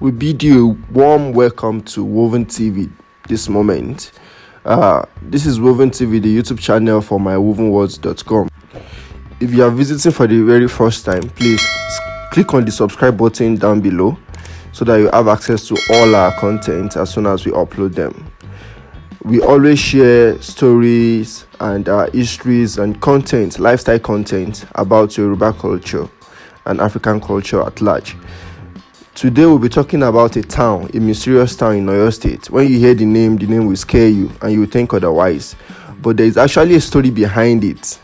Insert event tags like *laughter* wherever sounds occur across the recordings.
we bid you a warm welcome to Woven TV this moment. Uh, this is Woven TV, the YouTube channel for mywovenwords.com. If you are visiting for the very first time, please click on the subscribe button down below so that you have access to all our content as soon as we upload them. We always share stories and uh, histories and content, lifestyle content about Yoruba culture and African culture at large. Today we'll be talking about a town, a mysterious town in Oyo State. When you hear the name, the name will scare you and you think otherwise. But there is actually a story behind it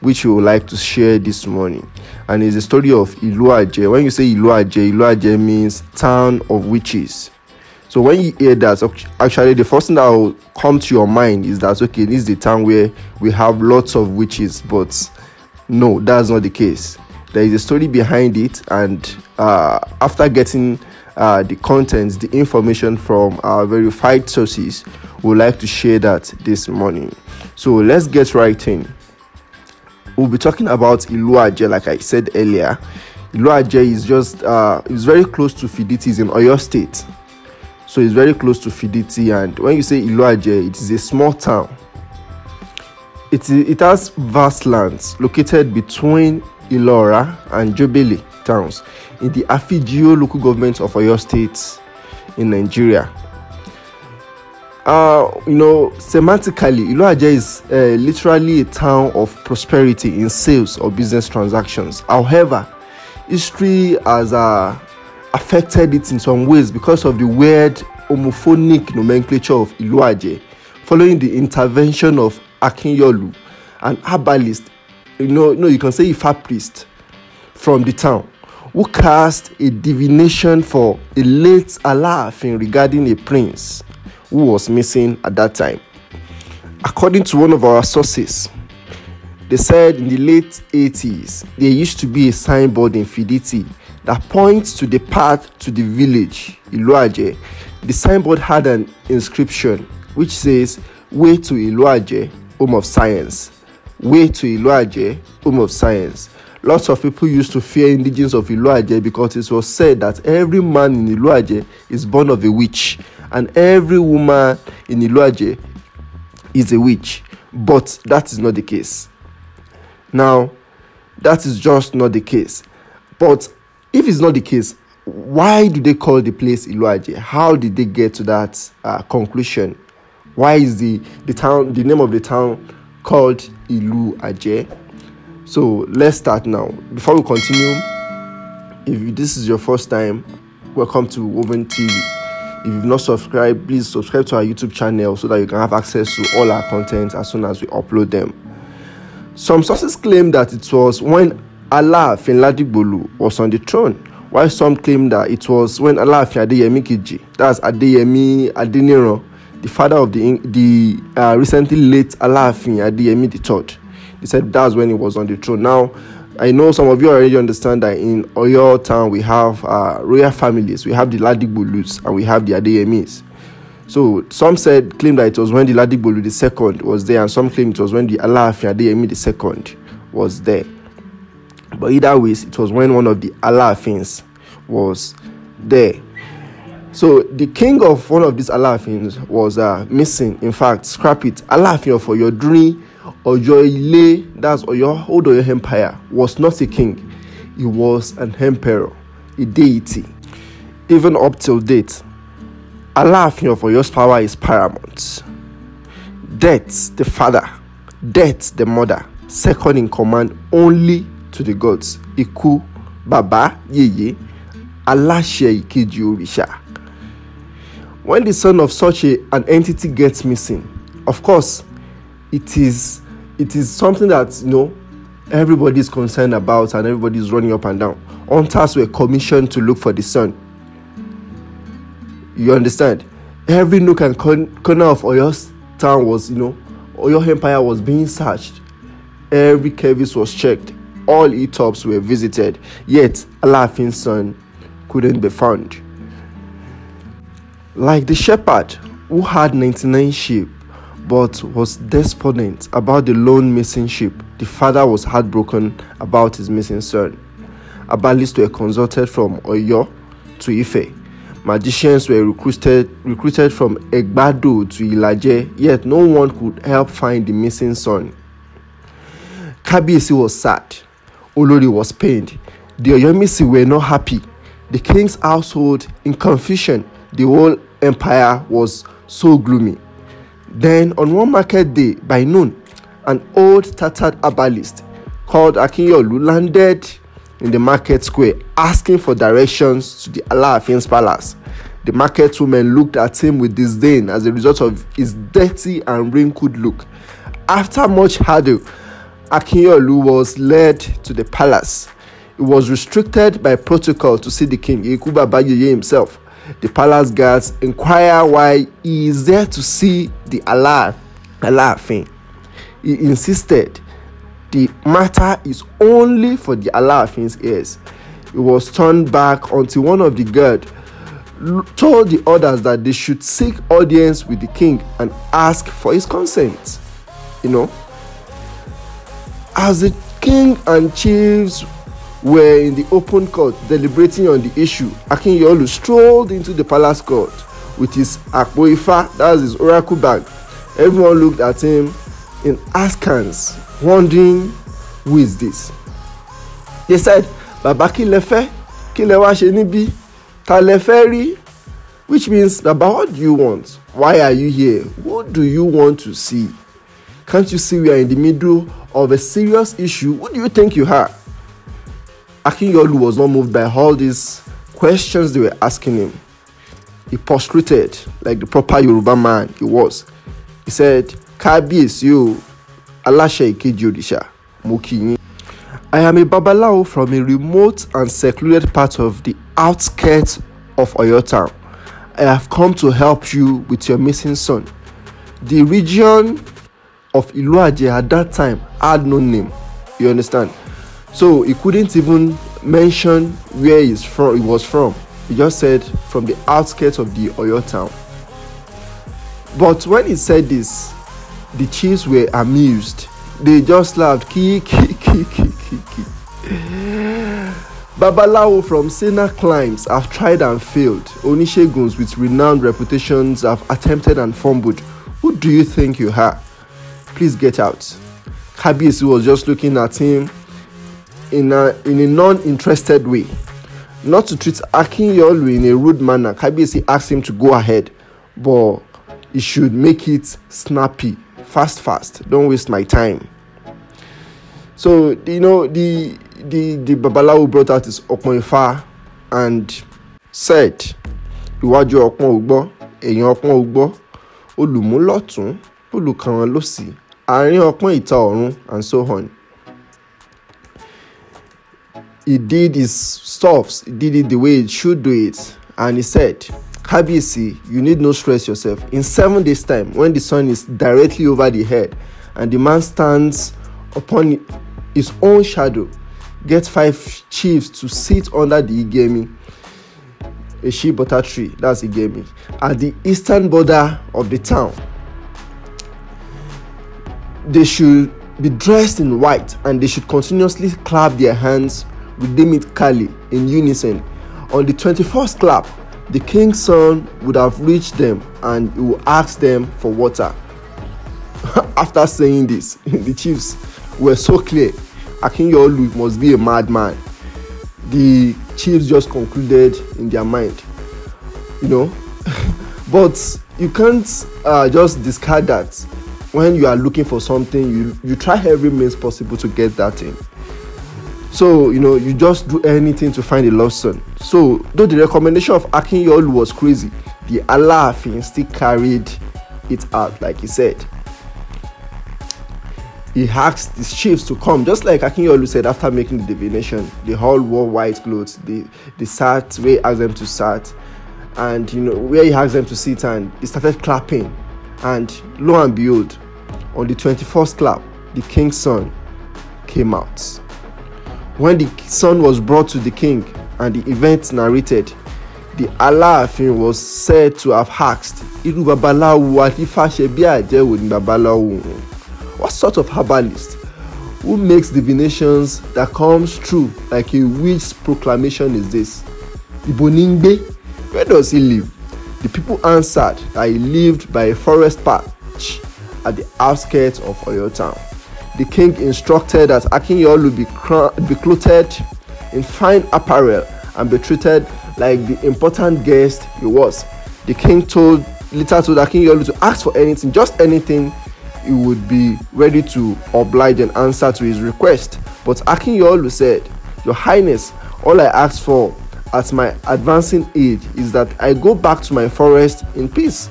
which we would like to share this morning. And it's the story of Iluaje. When you say Iluaje, Iluaje means town of witches. So when you hear that, actually the first thing that will come to your mind is that okay, this is the town where we have lots of witches, but no, that's not the case there is a story behind it and uh, after getting uh, the contents the information from our verified sources we would like to share that this morning so let's get right in we'll be talking about iluaje like i said earlier iluaje is just uh, it's very close to fiditi it's in oyo state so it's very close to fiditi and when you say iluaje it is a small town it, it has vast lands located between Ilora, and Jubilee towns in the Afijio local government of Oyo State in Nigeria. Uh, you know, semantically, Iloaje is uh, literally a town of prosperity in sales or business transactions. However, history has uh, affected it in some ways because of the weird homophonic nomenclature of Iloaje, following the intervention of Akinyolu, an herbalist you know, no, you can say a far priest from the town who cast a divination for a late Alaafin regarding a prince who was missing at that time. According to one of our sources, they said in the late 80s there used to be a signboard in Fiditi that points to the path to the village, Iluaje. The signboard had an inscription which says, Way to Iluaje, Home of Science. Way to Iluaje, home of science. Lots of people used to fear indigence of Iluaje because it was said that every man in Iluaje is born of a witch and every woman in Iluaje is a witch. But that is not the case. Now, that is just not the case. But if it's not the case, why do they call the place Iluaje? How did they get to that uh, conclusion? Why is the, the town the name of the town called Ilu Aje. So let's start now. Before we continue, if this is your first time, welcome to Woven TV. If you've not subscribed, please subscribe to our YouTube channel so that you can have access to all our content as soon as we upload them. Some sources claim that it was when Allah Ladigbolu was on the throne, while some claim that it was when Allah Adeyemi Keji, that's Adeyemi Adeniran, the father of the the uh, recently late Alaafin Adeyemi III. He said that's when he was on the throne. Now, I know some of you already understand that in Oyo town we have uh, royal families. We have the Ladigbolus and we have the Adeyemis. So some said claim that it was when the Ladigbolu II was there, and some claim it was when the Alaafin Adeyemi II was there. But either way, it was when one of the Alaafins was there. So the king of one of these Alafins was uh, missing. In fact, scrap it. Alaafin of your lay, that's Oyo, of your Empire, was not a king. He was an emperor, a deity. Even up till date, Alafin of your power is paramount. Death, the father, death, the mother, second in command only to the gods. Iku, Baba, Yeye, Alashe ìkejì òrìṣà when the son of such a, an entity gets missing, of course, it is it is something that you know everybody is concerned about and everybody is running up and down. Hunters were commissioned to look for the son. You understand? Every nook and corner of Oyo's town was, you know, Oyo Empire was being searched. Every crevice was checked. All etops were visited. Yet, laughing son couldn't be found. Like the shepherd who had 99 sheep but was despondent about the lone missing sheep, the father was heartbroken about his missing son. Abalists were consulted from Oyo to Ife. Magicians were recruited, recruited from Egbado to Ilaje, yet no one could help find the missing son. Kabiyesi was sad. Olori was pained. The Oyomisi were not happy. The king's household in confusion. The whole empire was so gloomy. Then, on one market day by noon, an old tattered herbalist called Akinyolu landed in the market square asking for directions to the Alaafin's palace. The market woman looked at him with disdain as a result of his dirty and wrinkled look. After much haggle, Akinyolu was led to the palace. He was restricted by protocol to see the king, Ikuba Bayeye himself the palace guards inquire why he is there to see the Allah, Alaafin. He insisted the matter is only for the Alaafin's ears. He was turned back until one of the guard told the others that they should seek audience with the king and ask for his consent. You know, as the king and chiefs were in the open court deliberating on the issue, Akinyolu strolled into the palace court with his Akboifa, that's his oracle bag. Everyone looked at him in askance, wondering who is this. They said, Baba Kilefe, Kilewa Shenibi, Taleferi, which means, Baba, what do you want? Why are you here? What do you want to see? Can't you see we are in the middle of a serious issue? What do you think you are? Akinyolu was not moved by all these questions they were asking him. He prostrated like the proper Yoruba man he was. He said, Kábíyèsí you alasha ìkejì mukini. I am a Babalawo from a remote and secluded part of the outskirts of Oyo town. I have come to help you with your missing son. The region of Iluaje at that time had no name. You understand? So he couldn't even mention where he's from, he was from. He just said from the outskirts of the Oyo town. But when he said this, the chiefs were amused. They just laughed. Ki, ki, ki, ki, ki, ki. Babalawo from Sena climbs have tried and failed. Onisheguns with renowned reputations have attempted and fumbled. Who do you think you are? Please get out. Kabiyesi was just looking at him in a in a non-interested way not to treat Akinyolu in a rude manner Kabiyesi asked him to go ahead but he should make it snappy fast fast don't waste my time so you know the the the babalawo brought out his ọpọn ifá and said iwájú ọpọn ògbọ èèyàn ọpọn ògbọ olùmúlọtún olùkàrán lòsì àárín ọpọn ìta ọ̀run and so on he did his stuffs, he did it the way it should do it. And he said, KBC, you need no stress yourself. In seven days' time, when the sun is directly over the head and the man stands upon his own shadow, get five chiefs to sit under the Igemi, a shea butter tree, that's Igemi, at the eastern border of the town. They should be dressed in white and they should continuously clap their hands with it Kali in unison. On the 21st clap, the king's son would have reached them and he would ask them for water. *laughs* After saying this, *laughs* the chiefs were so clear Akinyolu must be a madman. The chiefs just concluded in their mind, you know. *laughs* but you can't uh, just discard that when you are looking for something you you try every means possible to get that thing so, you know, you just do anything to find a lost son. So, though the recommendation of Akinyolu was crazy, the Alaafin still carried it out, like he said. He asked the chiefs to come, just like Akinyolu said after making the divination. They all wore white clothes. They, they sat where he asked them to sit. And, you know, where he asked them to sit, and he started clapping. And lo and behold, on the 21st clap, the king's son came out. When the son was brought to the king and the event narrated, the Aláàfin was said to have asked, Irú babaláwo àti What sort of herbalist who makes divinations that comes true like a witch's proclamation is this? Ibo Where does he live? The people answered that he lived by a forest patch at the outskirts of Oyo town the king instructed that Akinyeolu be, cr- be clothed in fine apparel and be treated like the important guest he was. The king told little told Akinyeolu to ask for anything, just anything, he would be ready to oblige and answer to his request. But Akinyeolu said, Your Highness, all I ask for at my advancing age is that I go back to my forest in peace.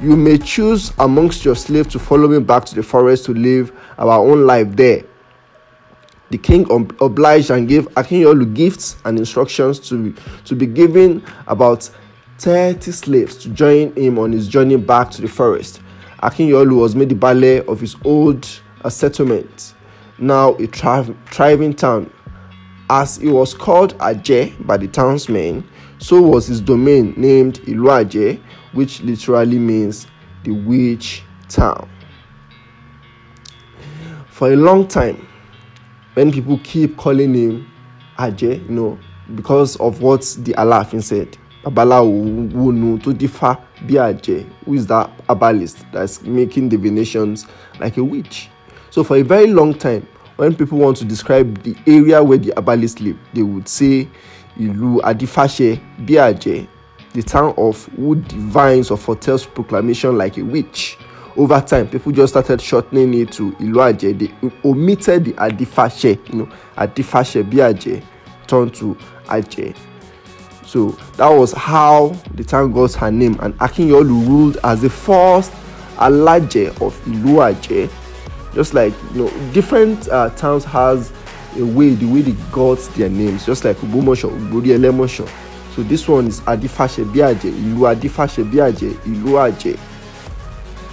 You may choose amongst your slaves to follow me back to the forest to live our own life there. The king obliged and gave Akinyolu gifts and instructions to, to be given about 30 slaves to join him on his journey back to the forest. Akinyolu was made the ballet of his old settlement, now a thriving town. As it was called Ajé by the townsmen, so was his domain named Iluaje, which literally means the witch town. For a long time, when people keep calling him Aje, you know, because of what the Alafin said, Abalawunu to differ be Aje, who is that abalist that's making divinations like a witch. So for a very long time, when people want to describe the area where the abalist live, they would say ìlú adifashe bíàjẹ́ the town of who divines or foretells proclamation like a witch over time people just started shortening it to iluaje they omitted the adifashe you know adifashe biaje turned to aje so that was how the town got her name and akinyolu ruled as the first alaje of iluaje just like you know different uh, towns has away the way they got their names just like Ogbomoso Ogbori Elemoso so this one is Adifashebiaje Ilu Adifashebiaje Ilu Aje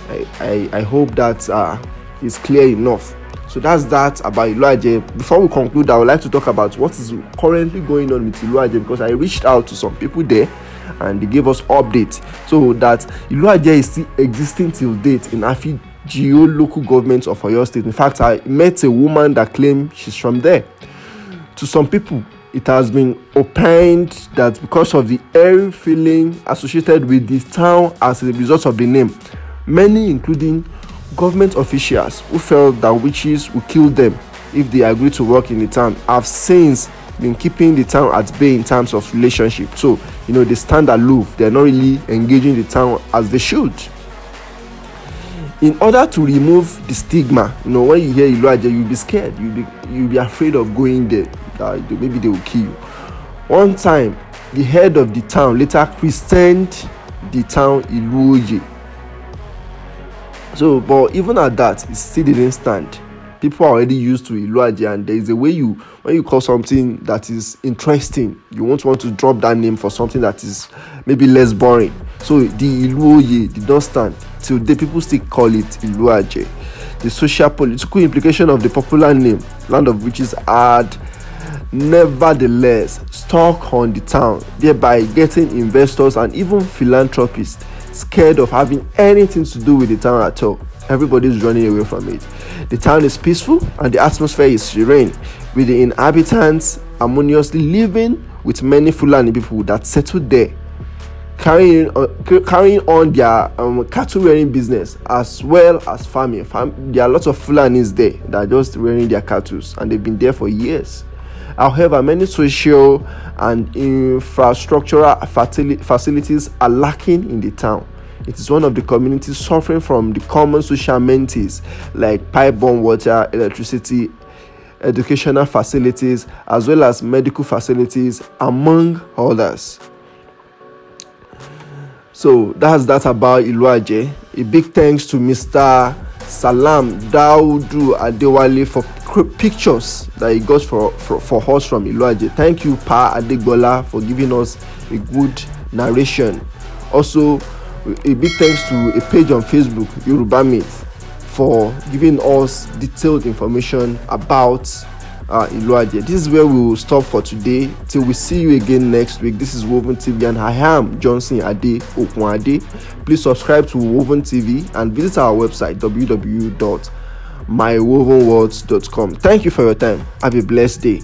I, I I hope that uh, is clear enough so that's that about Ilu Aje before we conclude I would like to talk about what is currently going on with Ilu Aje because I reached out to some people there and they gave us updates so that Ilu Aje is still existing till date in Afi Geo local government of Oyo State. In fact, I met a woman that claimed she's from there. To some people, it has been opined that because of the eerie feeling associated with this town as a result of the name, many, including government officials who felt that witches would kill them if they agreed to work in the town, have since been keeping the town at bay in terms of relationship. So, you know, they stand aloof, they're not really engaging the town as they should in order to remove the stigma you know when you hear iluaje you'll be scared you'll be you'll be afraid of going there uh, maybe they will kill you one time the head of the town later christened the town iluoye so but even at that it still didn't stand people are already used to iluaje and there is a way you when you call something that is interesting you won't want to drop that name for something that is maybe less boring so the iluoye did not stand the people still call it Iluaje. The social political implication of the popular name, Land of Witches, had nevertheless stuck on the town, thereby getting investors and even philanthropists scared of having anything to do with the town at all. Everybody's running away from it. The town is peaceful and the atmosphere is serene, with the inhabitants harmoniously living with many Fulani people that settled there carrying on, uh, carrying on their um, cattle rearing business as well as farming. Farm, there are lots of Fulanis there that are just rearing their cattle and they've been there for years. However, many social and infrastructural facilities are lacking in the town. It is one of the communities suffering from the common social amenities like pipe-borne water, electricity, educational facilities, as well as medical facilities, among others. So that's that about Iluaje. A big thanks to Mr. Salam Daudu Adewale for pictures that he got for, for, for us from Iluaje. Thank you, Pa Adegbola, for giving us a good narration. Also, a big thanks to a page on Facebook, Yoruba Myth, for giving us detailed information about uh, iluade. This is where we will stop for today. Till we see you again next week. This is Woven TV and I am Johnson Ade Okunade. Please subscribe to Woven TV and visit our website www.mywovenworlds.com. Thank you for your time. Have a blessed day.